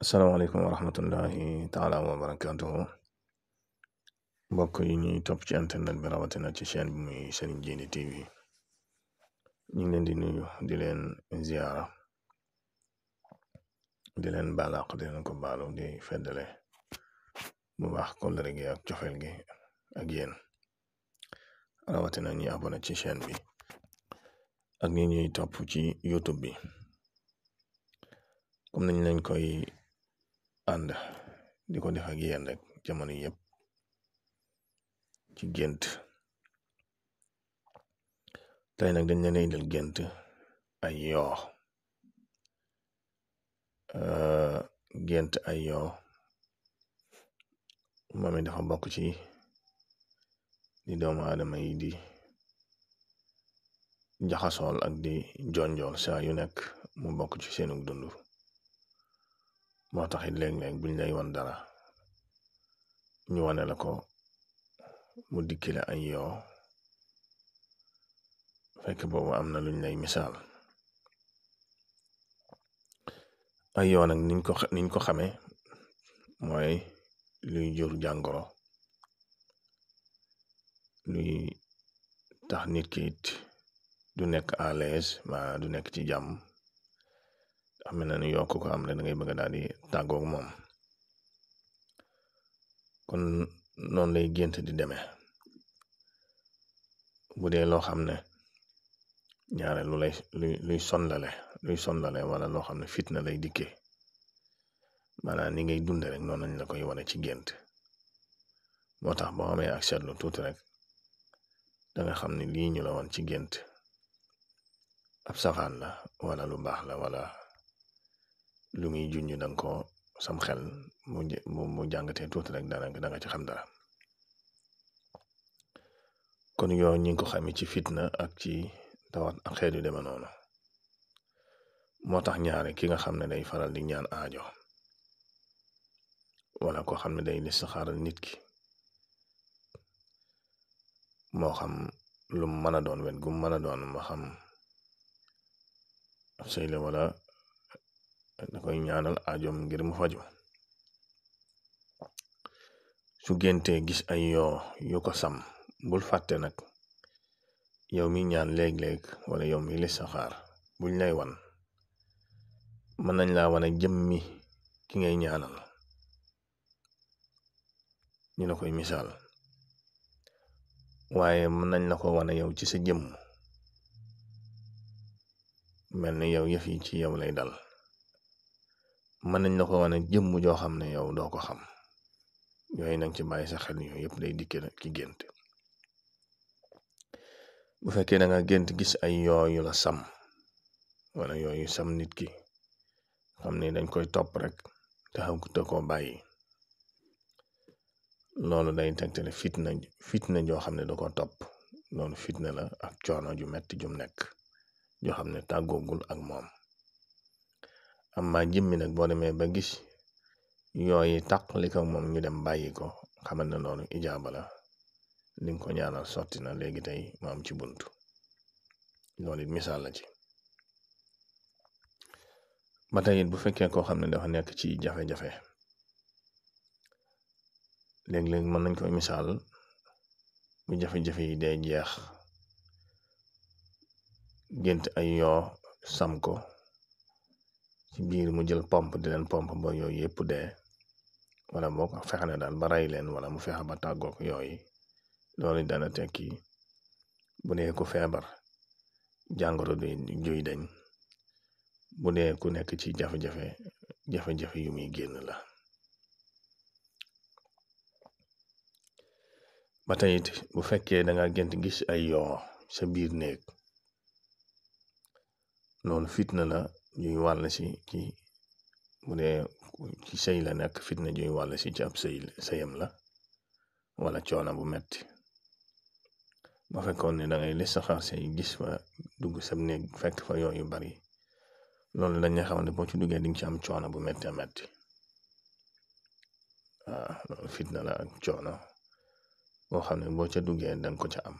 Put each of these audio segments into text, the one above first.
asalaamaaleykum wa rahmatullahi taala wa barakaatuhu mbokk yi ñuy topp ci internet bi rawatina ci chaîne bi muy Serigne Djily TV ñu ngi leen di nuyu di leen ziara di leen baalaq di leen ko baalu di feddale bu baax kóllëre gi ak cofeel gi ak yéen rawatina ñi abonné ci chaîne bi ak topp ci YouTube bi comme nañ leen koy ànd di ko def ak yéen rek jamono yëpp ci gént tey nag dañ leen a indil gént ay yoo gént ay yoo moom it dafa bokk ci di doomu aadama yi di jaxasool ak di jonjool saa yu nekk mu bokk ci seenu dundu moo tax it léeg-léeg buñ lay wan dara ñu wane la ko mu dikki la ay yoo fekk boobu am na luñ lay misaal ay yoo nag niñ ko niñ ko xamee mooy luy jur jàngoro luy tax nit kiit it du nekk à l'aise ma du nekk ci jàmm am na nu yokk ko am na da ngay bëgg daal di tàggoog moom kon noonu lay gént di deme bu dee loo xam ne ñaare lu lay luy luy sonlale luy sonlale wala loo xam ne na lay dikkee maanaam ni ngay dunde rek noonu lañ la koy wane ci gént moo tax boo xamee ak seetlu tuuti rek da xam ne lii ñu la woon ci gént ab safaan la wala lu baax la wala lu muy junj da nga ko sam xel mu mu jàngatee tuuti rek daanaka da ci xam dara kon yoo ñi ngi ko xamee ci fitna ak ci tawat ak xeet yu demee noonu moo tax ñaare ki nga xam ne day faral di ñaan aajo wala koo xam ne day listixaaral nit ki moo xam lu mu mën a doon wet mën a doon moo xam ab sëy wala da koy ñaanal ajom ngir mu faju su géntee gis ay yoo yu ko sam bul fàtte nag yow mi ñaan léeg-léeg wala yow mi listixaar buñ lay wan mën nañ laa wane jëmmi ki ngay ñaanal ñu la koy misaal waaye mën nañ la ko wane yow ci sa jëmm mel na yow yëf yi ci yow lay dal mën nañ la ko wane jëmm joo xam ne yow doo ko xam yooyu nañ ci bàyyi sa xel yooyu yëpp day dikke ci gént bu fekkee da nga gént gis ay yooyu la sam wala yooyu sam nit ki xam ne dañ koy topp rek te xam te koo bàyyi loolu day tegtale fitna fitna joo xam ne da ko topp loolu fitna la ak coono ju metti jum nekk joo xam ne tàggoogul ak moom am amma jëmmi nag boo demee ba gis yooyu taqali ko moom ñu dem bàyyi ko xamal na loolu ijaaba la li nga ko ñaanal sotti na léegi tey mu am ci bunt loolu it misaal ci ba bu fekkee koo xam ne dafa nekk ci jafe-jafe léeg-léeg mën nañ koy misaal bu jafe-jafe yi day jeex gént ay yoo sam ko ci biir mu jël pompe di leen pompe ba yooyu yëpp dee wala boog fexe na daal ba leen wala mu fexe ba tàggoog yooyu loolu dana tekki bu dee ku feebar jàngoro du juy dañ bu dee ku nekk ci jafe-jafe jafe-jafe yu muy génn la ba bu fekkee da nga gént gis ay yoo sa biir néeg loolu fitna la juy wàll si ci bu dee ci sëy la nekk fitna juy wàll si ci ab sëy sëyam la wala coono bu metti ba fekkoon ne da ngay listaxaar say gis fa dugg sab néeg fekk fa yooyu bari loolu dañ xam ne boo ci duggee dinga ci am coono bu metti a metti waaw loolu fitna la ak coono boo xam ne boo ca duggee danga ko ca am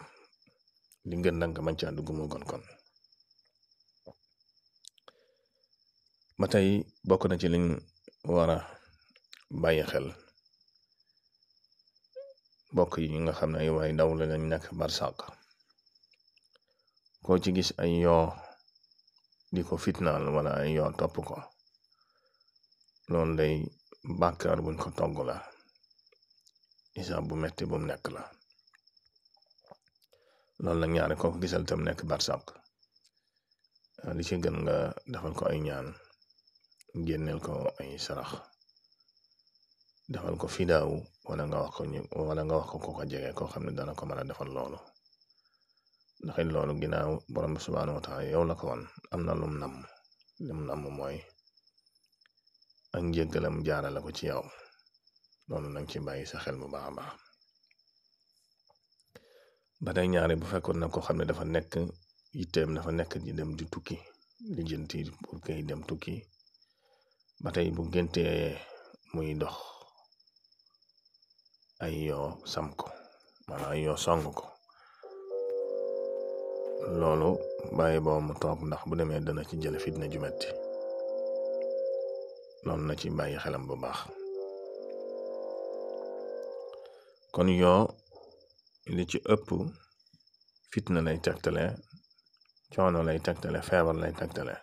li gën danga ko mën caa dugg moo kon ba tey bokk na ci liñ war bàyyi xel bokk yi nga xam ne ay waay daw la lañ nekk barsàq koo ci gis ay yoo di ko fitnaal wala ay yoo topp ko loolu day bàkkaar buñ ko togg la isaab bu metti bu mu nekk la loolu la ñaari ko gisal tam nekk barsàq li ci gën nga defal ko ay ñaan génneel ko ay sarax defal ko fidaawu wala nga wax ko ñu wala nga wax ko koo xam ne dana ko mën a defal loolu ndax it loolu ginnaaw borom bi subhaanahu wa taala yow la ko woon am na lum namm lum namm mooy ak njëggalam jaarale ko ci yow loolu nag ci bàyyi sa xel bu baax a baax ba tey ñaare bu fekkoon na koo xam ne dafa nekk yitteem dafa nekk di dem di tukki di jënti pour kay dem tukki ba tey bu géntee muy dox ay yoo sam ko wala ay yoo song ko loolu bàyyi boo mu toog ndax bu demee dana ci jële fitna ju metti loolu na ci bàyyi xelam bu baax kon yoo li ci ëpp fitna lay tegtale coono lay tegtale feebar lay tegtale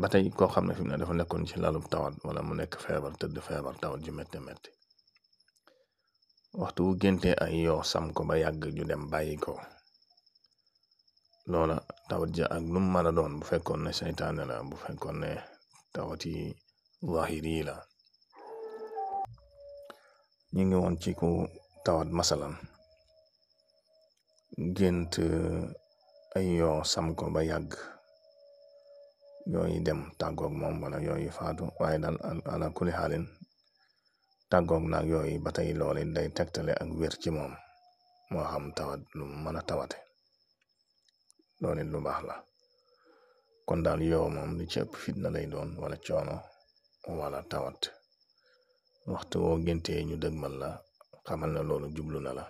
ba tey koo xam ne fi mu ne nekkoon ci lalub tawat wala mu nekk feebar tëdd feebar tawat ji métti métti waxtu wu géntee ay yoo ko ba yàgg ju dem bàyyi loola tawat ja ak lu mën a doon bu fekkoon ne seytaane la bu fekkoon ne tawat yi ñu ngi woon ci ku tawat masalan gént sam ko ba yàgg yooyu dem tàggoog moom wala yooyu faatu waaye daal ala kulli xaalin tàggoog naag yooyu ba tey loole day tegtale ak wér ci moom moo xam tawat lu mën a tawate loolu lu baax la kon daal yow moom li ci ëpp fitna lay doon wala coono wala tawat waxtu woo géntee ñu dëgmal la xamal na loolu jublu na la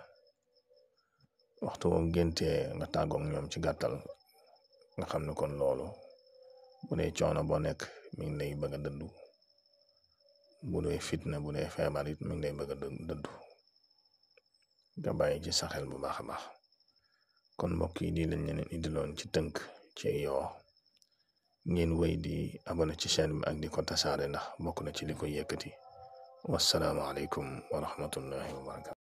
waxtu woo géntee nga tàggoog ñoom ci gàttal nga xam ne kon loolu bu dee coono boo nekk mi ngi lay bëgg a dëddu bu dee fitna bu dee feebar it mi ngi lay bëgg a dëddu nga bàyyi ci saxel bu baax a baax kon mbokk yi di lañ leen indiloon ci tënk ci yoo ngeen wéy di abonné ci chaîne bi ak di ko tasaare ndax bokk na ci li ko yëkkati wasalaamaaleykum wa rahmatullahi